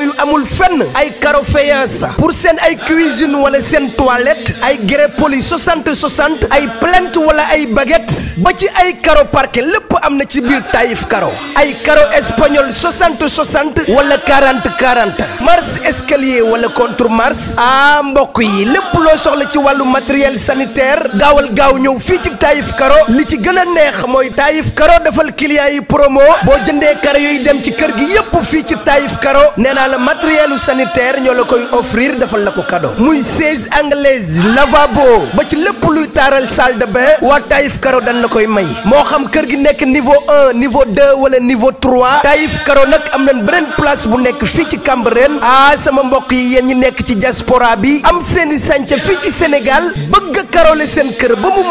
yooyu amul fenn ay carreau pour s'en ay cuisine wala sen toilette ay grepoli 60 60 ay plainte wala ay baguette ba ci ay carreau parquet lépp ci bir Taïf caro ay caro espagnol 60 60 wala 40 40 mars escalier wala contre mars a ah, mbok yi lepp lo soxla ci walu matériel sanitaire gaawal gaaw ñëw Taïf Karo li ci gën a neex mooy Taïf Karo defal clients yi promo boo jëndee karo yooyu dem ci kër gi yépp fii ci Taïf Karo nee naa la matériel sanitaire ñoo la koy offrir defal la ko cadeau muy siège anglaise lavabo ba ci lépp luy taaral salle de bain waa Taïf Karo dañ la koy may moo xam kër gi nekk niveau un niveau deux wala niveau trois Taïf Karo nag am nañ beneen place bu nekk fii ci Cambérène ah sama mbokk yi yéen ñi nekk ci diaspora bi am seeni sànca fii ci Sénégal bëgg a seen kër ba mu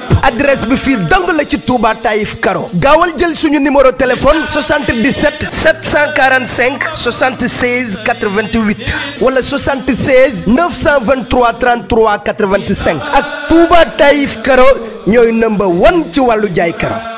yëpp bi fii dong la ci Touba Taïf Karo gaawal jël suñu numéro téléphone 77 745 76 88 wala 76 923 33 85 ak Touba Taïf Karo ñooy number one ci wàllu jaay karo.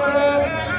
করো